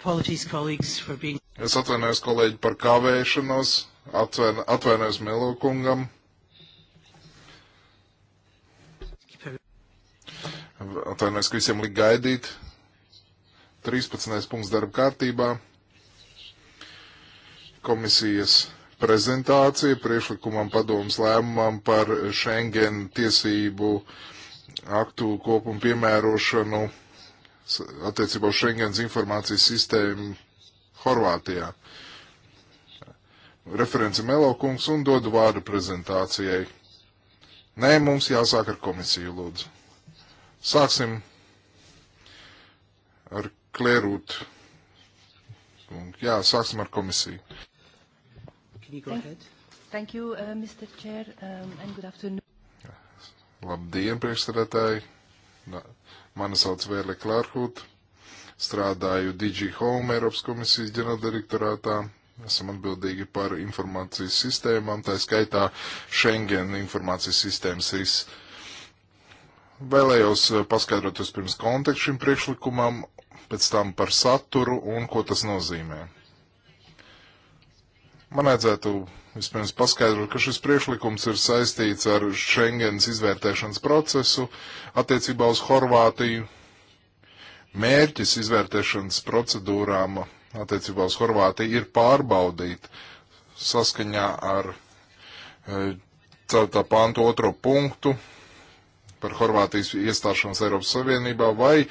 Apologies, colleagues, for being... Es atvainojos, kolēģi, par kavēšanos. Atvain, atvainojos Milo kungam. Atvainojos, ka visiem lika gaidīt. 13. punkts darba kārtībā. Komisijas prezentācija priekšlikumam padomas lēmumam par Schengen tiesību aktu kopumu piemērošanu attiecībā uz Schengens informācijas sistēmu Horvātijā. Referenci Melokungs un dodu vārdu prezentācijai. Nē, mums jāsāk ar komisiju, lūdzu. Sāksim ar Klērūtu. Jā, sāksim ar komisiju. Thank you, uh, Mr. Chair, um, and good afternoon. Labdien, priekšstādātāji! Mani sauc Vēle Klārhūt, strādāju DG Home Eiropas komisijas ģenerāldirektorātā. Esam atbildīgi par informācijas sistēmām, tā skaitā Schengen informācijas sistēmas RIS. Vēlējos eh, paskaidrot vispirms kontekstu šim priekšlikumam, pēc tam par saturu un ko tas nozīmē. Man vajadzētu vispirms paskaidrot, ka šis priekšlikums ir saistīts ar Schengens izvērtēšanas procesu attiecībā uz Horvātiju. Mērķis izvērtēšanas procedūrām attiecībā uz Horvātiju ir pārbaudīt saskaņā ar 4. E, pantu otro punktu par Horvātijas iestāšanos Eiropas Savienībā, vai e,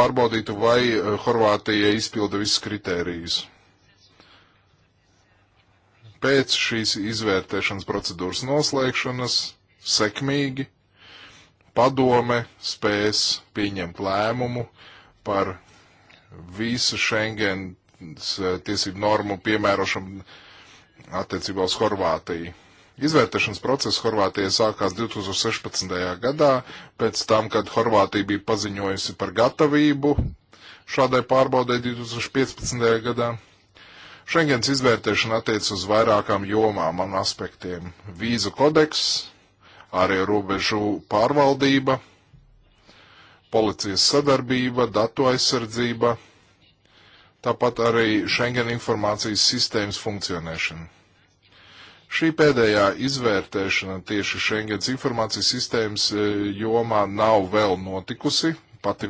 pārbaudītu, vai e, Horvātija izpilda visus kritērijus pēc šīs izvērtēšanas procedūras noslēgšanas sekmīgi padome spēs pieņemt lēmumu par visu Schengen eh, tiesību normu piemērošanu attiecībā uz Horvātiju. Izvērtēšanas process Horvātijā sākās 2016. gadā, pēc tam, kad Horvātija bija paziņojusi par gatavību šādai pārbaudē 2015. gadā. Šengens izvērtēšana attiec uz vairākām jomām un aspektiem - vīzu kodeks, ārējo robežu pārvaldība, policijas sadarbība, datu aizsardzība, tāpat arī Schengen informācijas sistēmas funkcionēšana. Šī pēdējā izvērtēšana tieši Schengens informācijas sistēmas e, jomā nav vēl notikusi, pati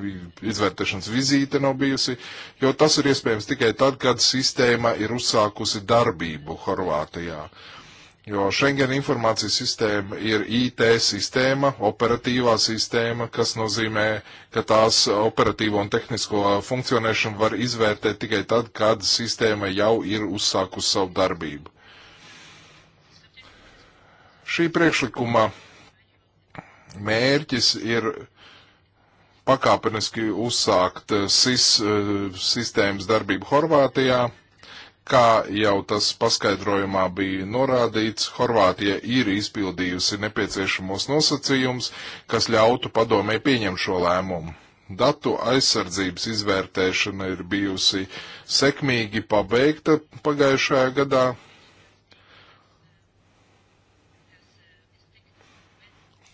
izvērtēšanas vizīte nav bijusi, jo tas ir iespējams tikai tad, kad sistēma ir uzsākusi darbību Horvātijā. Jo Schengen informācijas sistēma ir IT sistēma, operatīvā sistēma, kas nozīmē, ka tās operatīvo un tehnisko funkcionēšanu var izvērtēt tikai tad, kad sistēma jau ir uzsākusi savu darbību. Šī priekšlikuma mērķis ir pakāpeniski uzsākt eh, SIS eh, sistēmas darbību Horvātijā. Kā jau tas paskaidrojumā bija norādīts, Horvātija ir izpildījusi nepieciešamos nosacījumus, kas ļautu padomē pieņemt šo lēmumu. Datu aizsardzības izvērtēšana ir bijusi sekmīgi pabeigta pagājušajā gadā,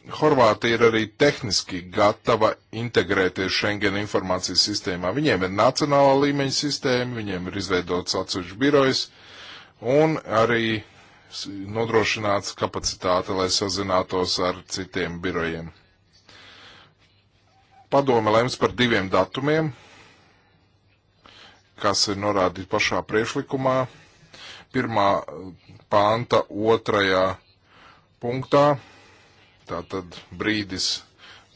Horvātija ir arī tehniski gatava integrēties Schengen informācijas sistēmā. Viņiem ir nacionālā līmeņa sistēma, viņiem ir izveidots atsevišķs birojs un arī nodrošināts kapacitāte, lai sazinātos ar citiem birojiem. Padome lems par diviem datumiem, kas ir norādīti pašā priešlikumā. Pirmā panta otrajā punktā Tātad brīdis,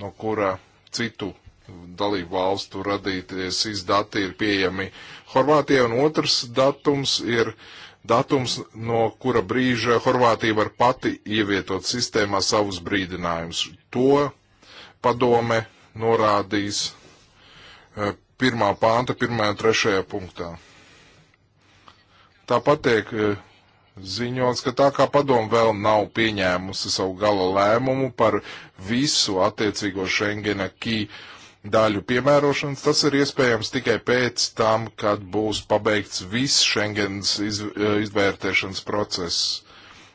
no kura citu dalību valstu radīties izdati ir pieejami Horvātijai, un otrs datums ir datums, no kura brīža Horvātija var pati ievietot sistēmā savus brīdinājumus. To padome norādīs eh, pirmā pānta, pirmajā un trešajā punktā. Tāpat tiek eh, ziņots, ka tā kā padomu vēl nav pieņēmusi savu gala lēmumu par visu attiecīgo Schengena kī daļu piemērošanas, tas ir iespējams tikai pēc tam, kad būs pabeigts viss Schengens iz, e, izvērtēšanas process.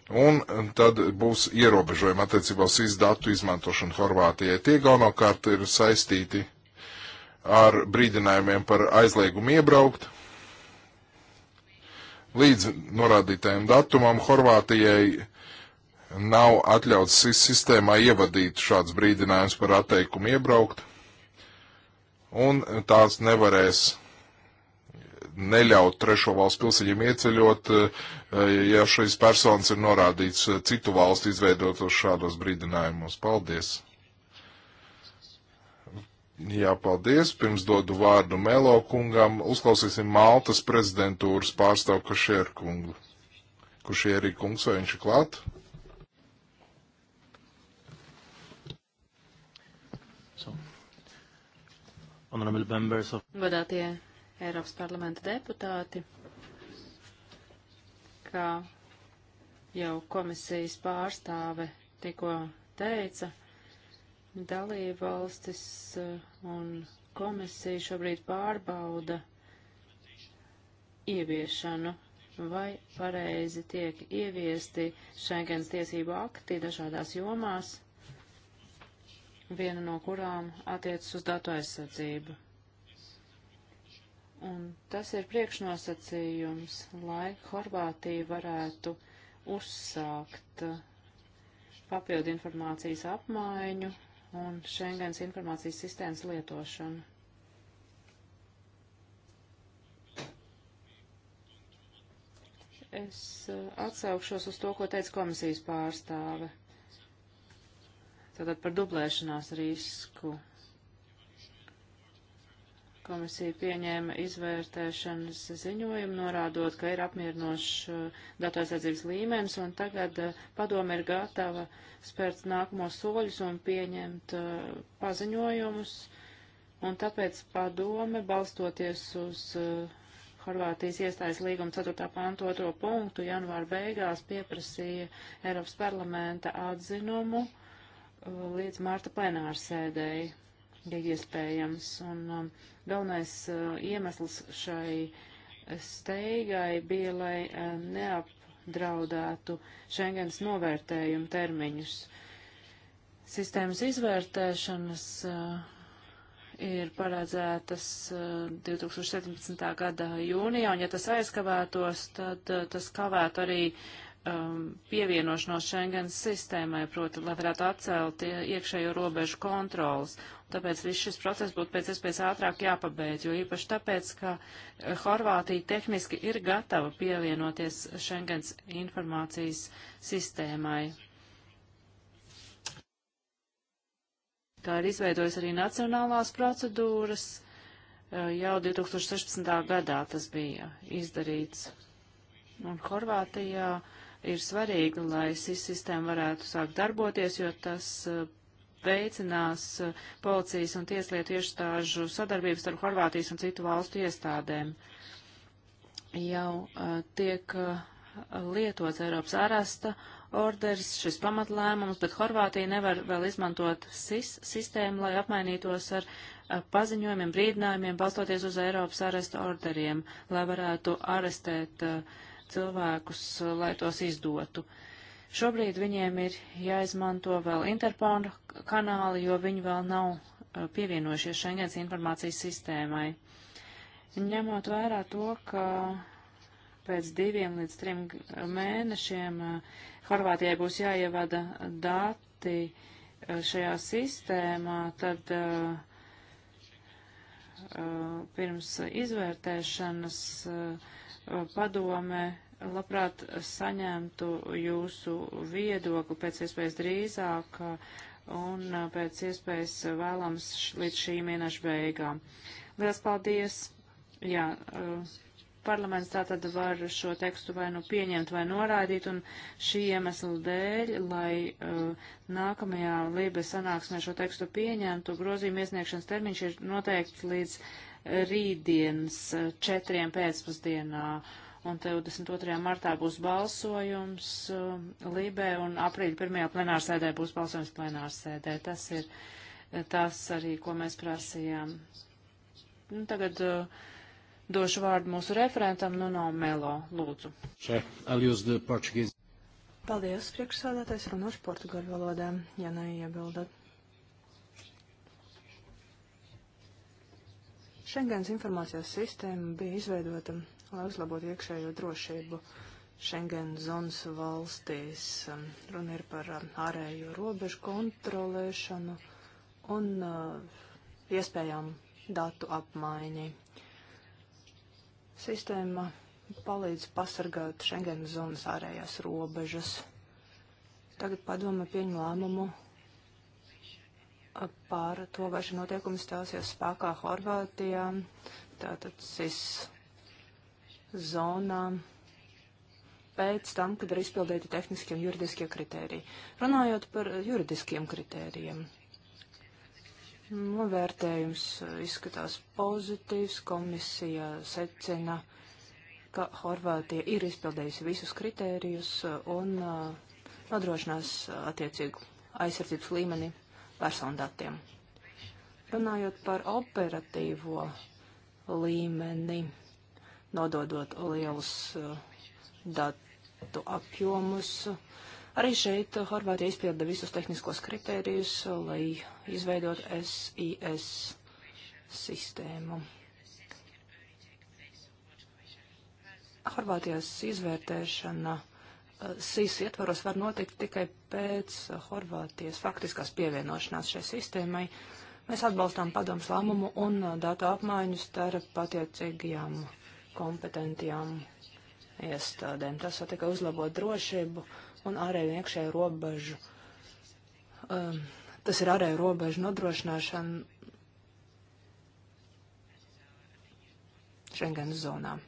Un tad būs ierobežojumi attiecībā uz izdatu izmantošanu Horvātijai. Tie galvenokārt ir saistīti ar brīdinājumiem par aizliegumu iebraukt Līdz norādītajam datumam Horvātijai nav atļauts sistēmā ievadīt šāds brīdinājums par atteikumu iebraukt, un tās nevarēs neļaut trešo valstu pilsēņiem ieceļot, eh, ja šīs personas ir norādīts citu valstu izveidotos šādos brīdinājumos. Paldies! Jā, paldies. Pirms dodu vārdu Melo kungam, uzklausīsim Maltas prezidentūras pārstāvu Kašēru kungu. Kašēri kungs, vai viņš ir klāt? So. Of... Godātie Eiropas parlamenta deputāti, kā jau komisijas pārstāve tikko teica, Dalībvalstis eh, un komisija šobrīd pārbauda ieviešanu, vai pareizi tiek ieviesti Schengens tiesību akti dažādās jomās, viena no kurām attiecas uz datu aizsardzību. Un tas ir priekšnosacījums, lai Horvātija varētu uzsākt papildu informācijas apmaiņu un Schengens informācijas sistēmas lietošanu. Es eh, atsaukšos uz to, ko teica komisijas pārstāve. Tātad par dublēšanās risku Komisija pieņēma izvērtēšanas ziņojumu, norādot, ka ir apmierinošs uh, datu aizsardzības līmenis, un tagad uh, padome ir gatava spērt nākamos soļus un pieņemt uh, paziņojumus, un tāpēc padome, balstoties uz uh, Horvātijas iestājas līguma 4. pantu 2. punktu, janvāra beigās pieprasīja Eiropas parlamenta atzinumu uh, līdz marta plenārsēdēji ja iespējams. Un um, galvenais uh, iemesls šai steigai bija, lai uh, neapdraudētu Schengens novērtējumu termiņus. Sistēmas izvērtēšanas uh, ir paredzētas 2017. Uh, gada jūnijā, un ja tas aizkavētos, tad uh, tas kavētu arī uh, um, pievienošanos Schengens sistēmai, proti, lai varētu atcelt iekšējo robežu kontrolas. Tāpēc viss šis process būtu pēc iespējas ātrāk jāpabeidz, jo īpaši tāpēc, ka eh, Horvātija tehniski ir gatava pievienoties Schengens informācijas sistēmai. Tā ir izveidojusi arī nacionālās procedūras. Eh, jau 2016. gadā tas bija izdarīts. Un Horvātijā uh, ir svarīga, lai SIS sistēma varētu sākt darboties, jo tas uh, veicinās uh, policijas un tieslietu iestāžu sadarbības starp Horvātijas un citu valstu iestādēm. Jau uh, tiek uh, lietots Eiropas ārasta orders, šis pamatlēmums, bet Horvātija nevar vēl izmantot SIS sistēmu, lai apmainītos ar uh, paziņojumiem, brīdinājumiem, balstoties uz Eiropas ārasta orderiem, lai varētu arestēt uh, cilvēkus, eh, lai tos izdotu. Šobrīd viņiem ir jāizmanto vēl Interpona kanāli, jo viņi vēl nav eh, pievienojušies Schengens informācijas sistēmai. Ņemot vērā to, ka pēc diviem līdz trim mēnešiem eh, Horvātijai būs jāievada dati šajā sistēmā, tad pirms izvērtēšanas uh, padome labprāt saņemtu jūsu viedokli pēc iespējas drīzāk un pēc iespējas vēlams š, līdz šī mēneša beigām. Lielas paldies! Jā, eh, parlaments tātad var šo tekstu vai nu pieņemt vai noraidīt, un šī iemesla dēļ, lai uh, nākamajā Lībijas sanāksmē šo tekstu pieņemtu, grozījuma iesniegšanas termiņš ir noteikts līdz rītdienas četriem pēcpusdienā. Un 22. martā būs balsojums uh, um, Lībē un aprīļa pirmajā plenārsēdē būs balsojums plenārsēdē. Tas ir eh, tas arī, ko mēs prasījām. Nu, tagad uh, došu vārdu mūsu referentam Nuno Melo. Lūdzu. Paldies, priekšsādātais, runāšu portugāļu valodā, ja neiebildat. Šengens informācijas sistēma bija izveidota, lai uzlabotu iekšējo drošību Šengen zonas valstīs. Um, runa ir par um, ārējo robežu kontrolēšanu un uh, iespējām datu apmaiņai. Sistēma palīdz pasargāt Šengen zonas ārējās robežas. Tagad padome pieņem lēmumu par to, vai šī notiekuma stāsies spēkā Horvātijā, tātad SIS zonā, pēc tam, kad ir izpildīti tehniskie un juridiskie kritēriji. Runājot par juridiskiem kritērijiem, novērtējums izskatās pozitīvs, komisija secina, ka Horvātija ir izpildījusi visus kritērijus un uh, nodrošinās uh, attiecīgu aizsardzības līmeni persondatiem. Runājot par operatīvo līmeni, nododot lielus eh, datu apjomus, arī šeit Horvātija izpilda visus tehniskos kritērijus, lai izveidot SIS sistēmu. Horvātijas izvērtēšana uh, SIS ietvaros var notikt tikai pēc uh, Horvātijas faktiskās pievienošanās šai sistēmai. Mēs atbalstām padomus lēmumu un uh, datu apmaiņu starp attiecīgajām kompetentajām iestādēm. Tas var tikai uzlabot drošību un ārēju iekšēju robežu. Um, tas ir ārēju robežu nodrošināšana Schengen zonā.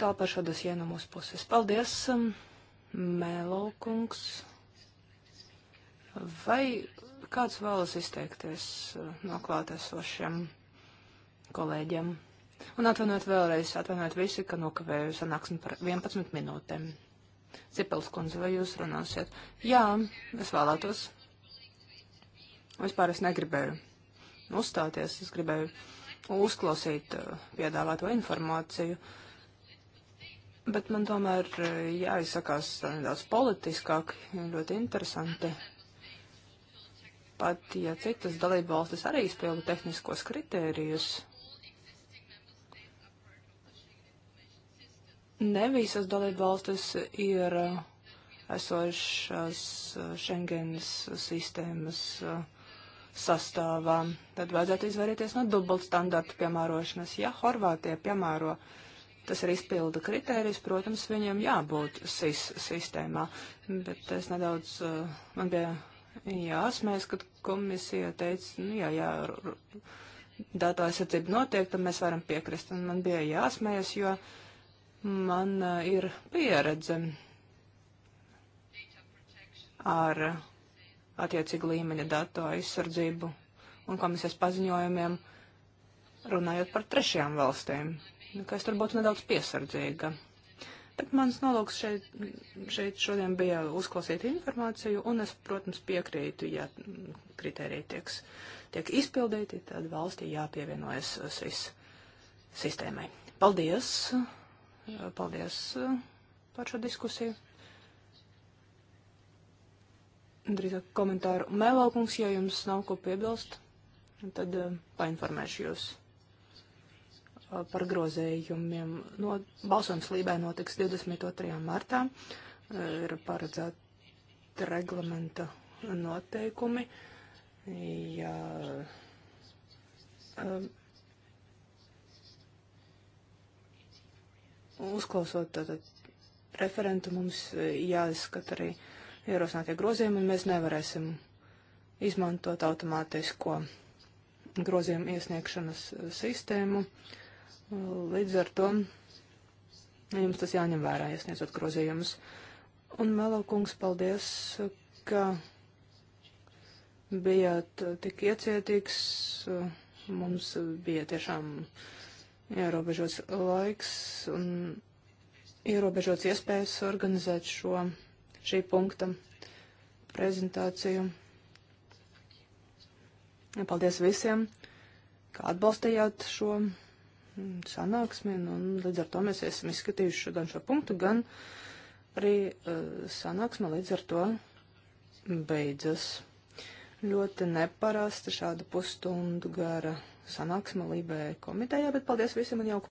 tālu par šo dosiju no mūsu puses. Paldies, Mēlo um, kungs. Vai kāds vēlas izteikties uh, no klātesošiem kolēģiem? Un atvainojiet vēlreiz, atvainojiet visi, ka nokavēju sanāksmi par 11 minūtēm. Cipels kundze, vai jūs runāsiet? Jā, es vēlētos. Vispār es negribēju uzstāties, es gribēju uzklausīt uh, piedāvāto informāciju. Uh, Bet man tomēr eh, jāizsakās nedaudz politiskāk, ļoti interesanti. Pat ja citas dalība valstis arī izpilda tehniskos kritērijus, ne visas dalība valstis ir eh, esošās eh, Schengenas sistēmas sastāvā. Tad vajadzētu izvairīties no dubultstandartu piemērošanas. Ja Horvātija piemēro uh, tas ir izpilda kritērijs, protams, viņiem jābūt SIS sistēmā, bet es nedaudz, uh, man bija jāsmēs, kad komisija teica, nu jā, jā, datu aizsardzība notiek, tad mēs varam piekrist, un man bija jāsmējas, jo man uh, ir pieredze ar attiecīgu līmeņa datu aizsardzību un komisijas paziņojumiem runājot par trešajām valstīm ka es tur būtu nedaudz piesardzīga. Bet mans nolūks šeit, šeit šodien bija uzklausīt informāciju, un es, protams, piekrītu, ja kritēriji tieks, tiek izpildīti, tad valstī jāpievienojas SIS sistēmai. Paldies! Paldies par šo diskusiju. Drīzāk komentāru. Mēlaukungs, ja jums nav ko piebilst, tad eh, painformēšu jūs. Uh, par grozējumiem. No, balsojums Lībē notiks 22. martā. Uh, ir paredzēta reglamenta noteikumi. Ja, um, uzklausot tātad referentu, mums jāizskata arī ierosinātie grozījumi, un mēs nevarēsim izmantot automātisko grozījumu iesniegšanas sistēmu. Uh, Līdz ar to jums tas jāņem vērā, iesniedzot grozījumus. Un Melokungs, paldies, ka bijāt tik iecietīgs. Mums bija tiešām ierobežots laiks un ierobežots iespējas organizēt šo, šī punkta prezentāciju. Paldies visiem, ka atbalstījāt šo sanāksmi, un līdz ar to mēs esam izskatījuši gan šo punktu, gan arī uh, sanāksme līdz ar to beidzas. Ļoti neparasta šāda pusstundu gara sanāksme Lībē komitejā, bet paldies visiem un jauku.